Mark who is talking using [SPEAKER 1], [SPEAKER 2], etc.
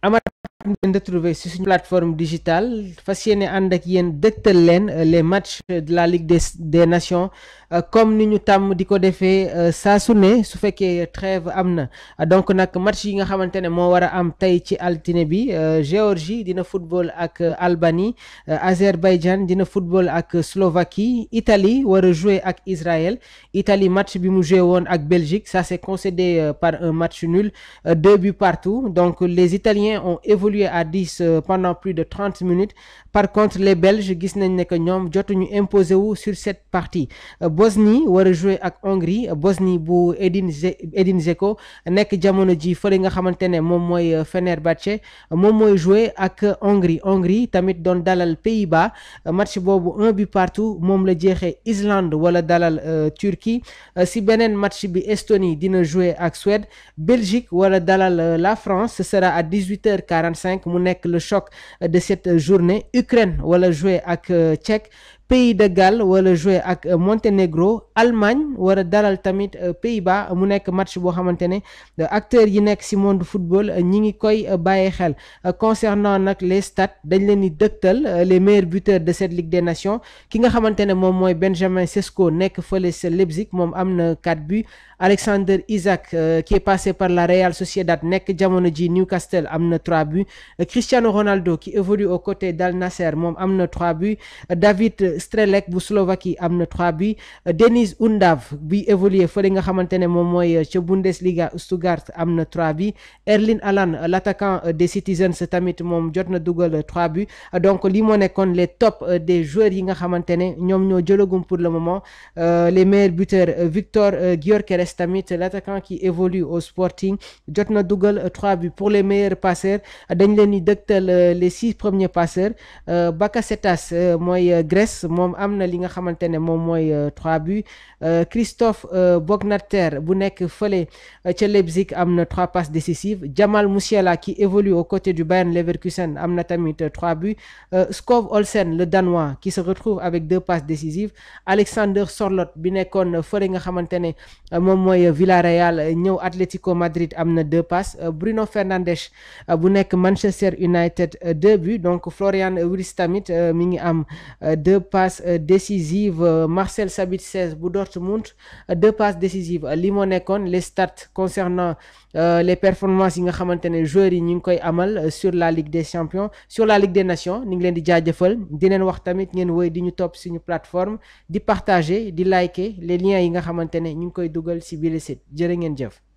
[SPEAKER 1] Amar ngeen retrouver ci suñu plateforme digitale fas yéene ànd ak yéen dëgtal leen euh, les matchs de la Ligue des des Nations euh, comme ni ñu tàmm di ko defee euh, sa su ne su fekkee trêve am na donc nag match yi nga xamante ne moo war a am tey ci altine bi Géorgie dina football ak Albanie Azerbaïdjan dina football ak Slovaquie Italie war a jouer ak Israël Italie match bi mu joué woon ak Belgique ça s'est concédé par un match nul deux buts partout donc les Italiens ont distribué à 10 euh, pendant plus de 30 minutes par contre les Belges gis nañ ne que ñoom jotuñu imposé wu sur cette partie euh, Bosnie war a ak Hongrie euh, Bosnie bu Edin nekk jamono ji fële nga xamante ne moom mooy Fenerbahçe moom mooy joué ak Hongrie Hongrie tamit doon dalal Pays-Bas match boobu un but partout moom la jeexee Islande wala dalal Turquie si beneen match bi Estonie dina joué ak Suède Belgique wala dalal la France ce sera à 18 cinq mu nekk le choc de cette journée Ukraine wala jouer ak euh, Tchèque pays de Galles wala jouer ak euh, Monténégro Allemagne war a dalal tamit euh, Pays-Bas mu nekk match boo xamante ne euh, acteurs yi nekk ci monde football ñi ngi koy bàyyi xel concernant nag les stats dañ leen di dëgtal les meilleurs buteurs de cette Ligue des Nations ki nga xamante ne moom mooy Benjamin Sesko nekk fële sa Leipzig moom am na 4 buts Alexander Isaac qui est passé par la Real Sociedad nekk jamono ji Newcastle am na 3 buts Cristiano Ronaldo qui évolue aux côtés d'Al moom am na Strelec bu Slovaquie am na trois bi Denis Undav bi évolué fële nga xamante ne moom mooy euh, ca Bundesliga Stuttgart am na 3 buts Erling Haaland euh, l'attaquant euh, des Citizens tamit moom jot na dugal 3 buts donc lii moo nekkoon les top des joueurs yi nga xamante ne ñoom ñoo jëlagum pour le moment les meilleurs buteurs Victor Gyökeres tamit l'attaquant qui évolue au Sporting jot na dugal 3 bi pour les meilleurs passeurs dañu leen di dëgtal les six premiers passeurs Bakasetas mooy Grèce moom am na li nga xamante ne moom mooy euh, trois buts euh, Christophe euh, Bognater bu nekk fële ca Leipzig am na trois passes décisives Jamal Musiala qui évolue aux côtés du Bayern Leverkusen am na tamit trois buts Skov Olsen le Danois qui se retrouve avec deux passes décisives Alexander Sorloth bi nekkoon fële nga xamante ne moom mooy villa Villarreal ñëw Atlético Madrid am na deux passes Bruno Fernandes bu nekk Manchester United deux buts donc Florian Wirtz tamit mi ngi am passe euh, décisive euh, Marcel Sabitzer bu Dortmund euh, deux passes décisives li moo nekkoon les stats concernant les performances yi nga xamante ne joueurs yi ñu ngi koy amal sur la Ligue de Champions sur la Ligue des Nations ñu ngi leen di jaajëfal di leen wax tamit ngeen woy di ñu topp suñu plateforme di partager di liker les liens yi nga xamante ne ñu ngi koy dugal si biir site jërë ngeen jëf.